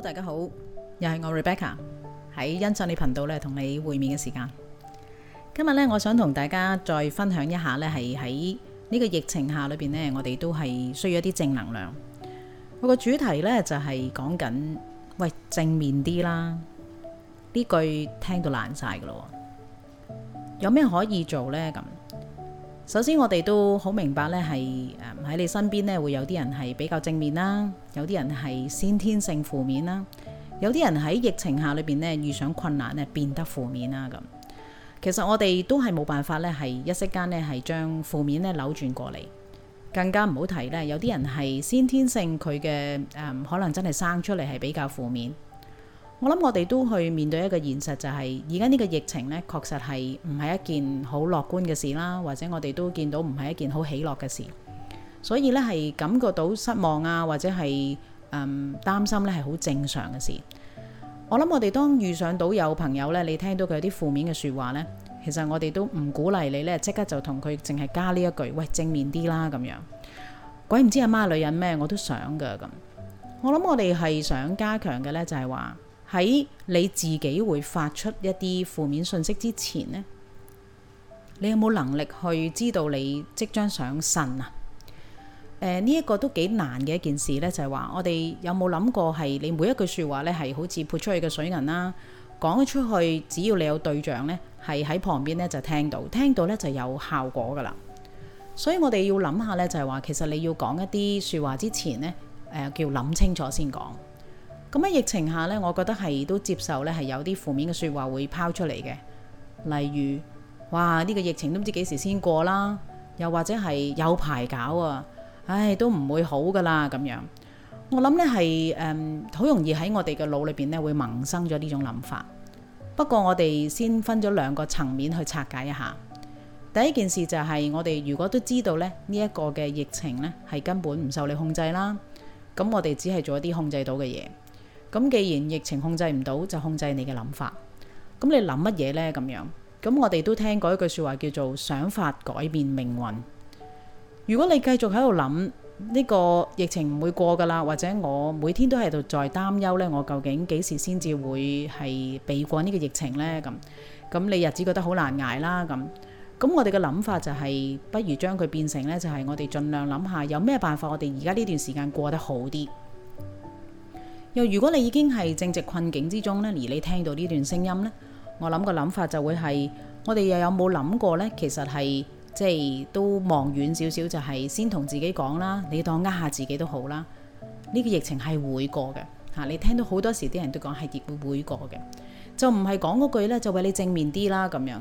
大家好，又係我 Rebecca 喺，欣賞你頻道咧，同你會面嘅時間。今日咧，我想同大家再分享一下咧，係喺呢個疫情下裏邊咧，我哋都係需要一啲正能量。我個主題咧就係講緊喂，正面啲啦，呢句聽到爛晒噶咯，有咩可以做呢？咁？首先，我哋都好明白咧，係誒喺你身邊咧會有啲人係比較正面啦，有啲人係先天性負面啦，有啲人喺疫情下裏邊咧遇上困難咧變得負面啦咁。其實我哋都係冇辦法咧，係一息間咧係將負面咧扭轉過嚟，更加唔好提咧有啲人係先天性佢嘅誒可能真係生出嚟係比較負面。我諗我哋都去面對一個現實，就係而家呢個疫情呢，確實係唔係一件好樂觀嘅事啦。或者我哋都見到唔係一件好喜樂嘅事，所以呢，係感覺到失望啊，或者係誒、嗯、擔心呢係好正常嘅事。我諗我哋當遇上到有朋友呢，你聽到佢有啲負面嘅說話呢，其實我哋都唔鼓勵你呢，即刻就同佢淨係加呢一句，喂，正面啲啦，咁樣。鬼唔知阿媽，媽女人咩，我都想㗎咁。我諗我哋係想加強嘅呢，就係話。喺你自己會發出一啲負面信息之前呢，你有冇能力去知道你即將上身啊？誒、呃、呢、這、一個都幾難嘅一件事呢，就係、是、話我哋有冇諗過，係你每一句説話呢，係好似潑出去嘅水銀啦，講咗出去，只要你有對象呢，係喺旁邊呢就聽到，聽到呢就有效果噶啦。所以我哋要諗下呢，就係話其實你要講一啲説話之前呢，誒、呃、叫諗清楚先講。咁喺疫情下咧，我覺得係都接受咧，係有啲負面嘅説話會拋出嚟嘅，例如哇，呢個疫情都唔知幾時先過啦，又或者係有排搞啊，唉都唔會好噶啦咁樣。我諗咧係誒好容易喺我哋嘅腦裏邊咧會萌生咗呢種諗法。不過我哋先分咗兩個層面去拆解一下。第一件事就係我哋如果都知道咧呢一個嘅疫情咧係根本唔受你控制啦，咁我哋只係做一啲控制到嘅嘢。咁既然疫情控制唔到，就控制你嘅諗法。咁你諗乜嘢呢？咁樣，咁我哋都聽過一句説話叫做想法改變命運。如果你繼續喺度諗呢個疫情唔會過噶啦，或者我每天都喺度再擔憂呢，我究竟幾時先至會係避過呢個疫情呢？咁咁你日子覺得好難捱啦。咁咁我哋嘅諗法就係不如將佢變成呢，就係我哋盡量諗下有咩辦法，我哋而家呢段時間過得好啲。又如果你已經係正值困境之中咧，而你聽到呢段聲音咧，我諗個諗法就會係，我哋又有冇諗過咧？其實係即係都望遠少少，就係先同自己講啦，你當呃下自己都好啦。呢個疫情係會過嘅嚇，你聽到好多時啲人都講係會會過嘅，就唔係講嗰句咧，就為你正面啲啦咁樣。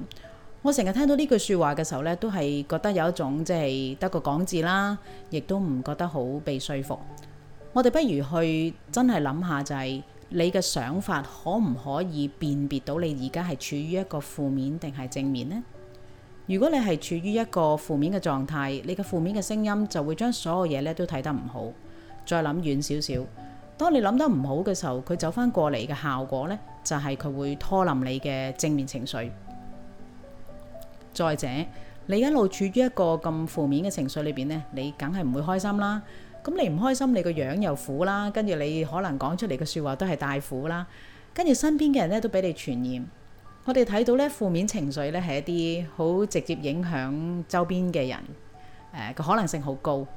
我成日聽到呢句説話嘅時候咧，都係覺得有一種即係得個講字啦，亦都唔覺得好被說服。我哋不如去真係諗下，就係你嘅想法可唔可以辨別到你而家係處於一個負面定係正面呢？如果你係處於一個負面嘅狀態，你嘅負面嘅聲音就會將所有嘢咧都睇得唔好。再諗遠少少，當你諗得唔好嘅時候，佢走翻過嚟嘅效果咧，就係佢會拖冧你嘅正面情緒。再者，你一路處於一個咁負面嘅情緒裏邊咧，你梗係唔會開心啦。咁你唔開心，你個樣又苦啦，跟住你可能講出嚟嘅說話都係大苦啦，跟住身邊嘅人咧都俾你傳染。我哋睇到咧，負面情緒咧係一啲好直接影響周邊嘅人，誒、呃、個可能性好高。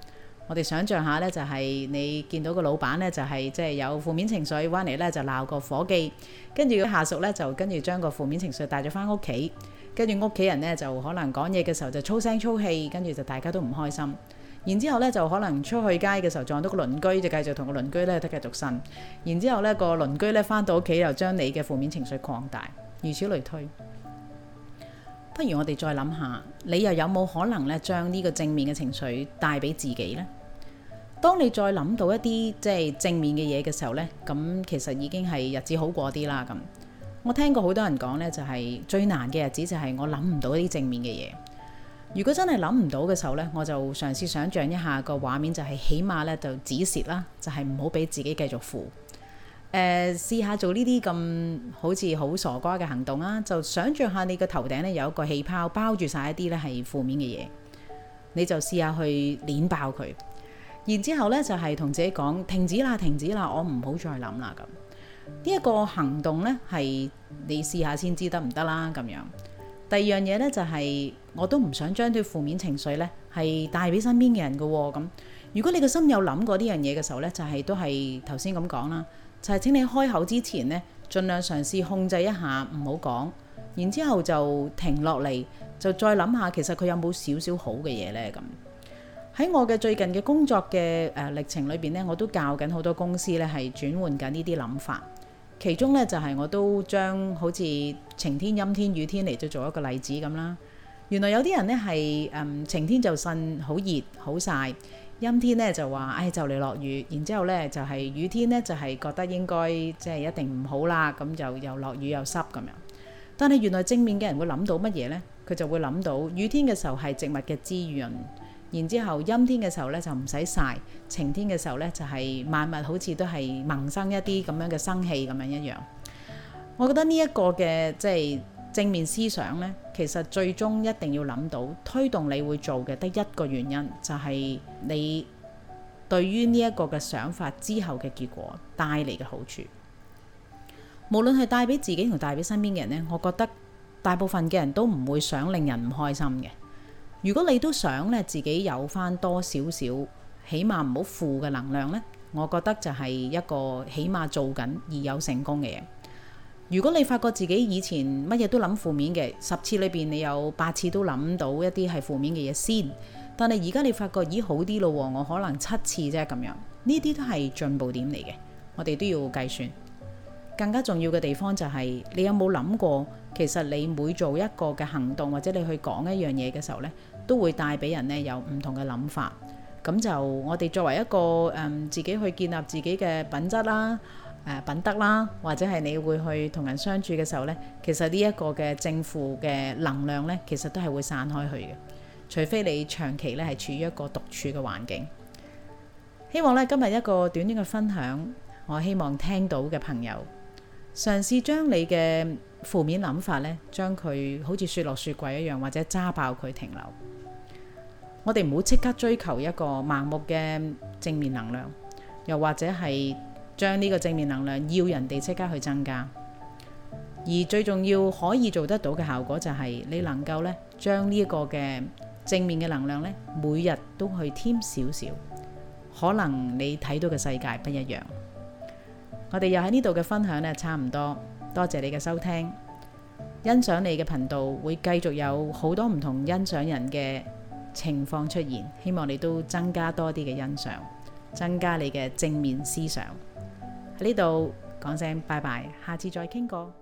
我哋想象下咧，就係你見到個老闆咧，就係即係有負面情緒，翻嚟咧就鬧個夥計，跟住個下屬咧就跟住將個負面情緒帶咗翻屋企，跟住屋企人咧就可能講嘢嘅時候就粗聲粗氣，跟住就大家都唔開心。然之後呢，就可能出去街嘅時候撞到個鄰居，就繼續同個鄰居呢得繼續呻。然之後呢，個鄰居呢翻到屋企又將你嘅負面情緒擴大，如此類推。 不如我哋再諗下，你又有冇可能呢將呢個正面嘅情緒帶俾自己呢？當你再諗到一啲即係正面嘅嘢嘅時候呢，咁其實已經係日子好過啲啦。咁我聽過好多人講呢，就係、係、最難嘅日子就係我諗唔到一啲正面嘅嘢。如果真係諗唔到嘅時候呢，我就嘗試想象一下個畫面，就係、是、起碼咧就止蝕啦，就係唔好俾自己繼續負。誒、呃，試下做呢啲咁好似好傻瓜嘅行動啦，就想象下你嘅頭頂呢有一個氣泡包住晒一啲呢係負面嘅嘢，你就試下去捏爆佢。然之後咧就係、是、同自己講停止啦，停止啦，我唔好再諗啦。咁呢一個行動呢，係你試下先知得唔得啦？咁樣。第二樣嘢呢，就係、是，我都唔想將對負面情緒呢係帶俾身邊嘅人嘅喎。咁如果你個心有諗過呢樣嘢嘅時候呢，就係、是、都係頭先咁講啦，就係、是、請你開口之前呢，盡量嘗試控制一下，唔好講，然之後就停落嚟，就再諗下其實佢有冇少少好嘅嘢呢？咁喺我嘅最近嘅工作嘅誒歷程裏邊呢，我都教緊好多公司呢係轉換緊呢啲諗法。其中咧就係、是、我都將好似晴天、陰天、雨天嚟做一個例子咁啦。原來有啲人呢係誒、嗯、晴天就呻「好熱好曬」，陰天呢就話唉，就嚟落、哎、雨，然之後呢，就係、是、雨天呢就係、是、覺得應該即係一定唔好啦，咁就又落雨又濕咁樣。但係原來正面嘅人會諗到乜嘢呢？佢就會諗到雨天嘅時候係植物嘅滋潤。然之後陰天嘅時候咧就唔使曬，晴天嘅時候咧就係萬物好似都係萌生一啲咁樣嘅生氣咁樣一樣。我覺得呢一個嘅即係正面思想呢，其實最終一定要諗到推動你會做嘅，得一個原因就係、是、你對於呢一個嘅想法之後嘅結果帶嚟嘅好處。無論係帶俾自己同帶俾身邊嘅人呢，我覺得大部分嘅人都唔會想令人唔開心嘅。如果你都想咧，自己有返多少少，起碼唔好負嘅能量呢，我覺得就係一個起碼做緊而有成功嘅嘢。如果你發覺自己以前乜嘢都諗負面嘅，十次裏邊你有八次都諗到一啲係負面嘅嘢先，但係而家你發覺咦好啲咯，我可能七次啫咁樣，呢啲都係進步點嚟嘅。我哋都要計算。更加重要嘅地方就係你有冇諗過，其實你每做一個嘅行動或者你去講一樣嘢嘅時候呢。都會帶俾人咧有唔同嘅諗法，咁就我哋作為一個誒、嗯、自己去建立自己嘅品質啦、誒、呃、品德啦，或者係你會去同人相處嘅時候呢，其實呢一個嘅正負嘅能量呢，其實都係會散開去嘅，除非你長期咧係處於一個獨處嘅環境。希望咧今日一個短短嘅分享，我希望聽到嘅朋友。嘗試將你嘅負面諗法咧，將佢好似雪落雪櫃一樣，或者揸爆佢停留。我哋唔好即刻追求一個盲目嘅正面能量，又或者係將呢個正面能量要人哋即刻去增加。而最重要可以做得到嘅效果就係，你能夠咧將呢一個嘅正面嘅能量咧，每日都去添少少，可能你睇到嘅世界不一樣。我哋又喺呢度嘅分享咧，差唔多，多謝你嘅收聽，欣賞你嘅頻道，會繼續有好多唔同欣賞人嘅情況出現，希望你都增加多啲嘅欣賞，增加你嘅正面思想。喺呢度講聲拜拜，下次再傾過。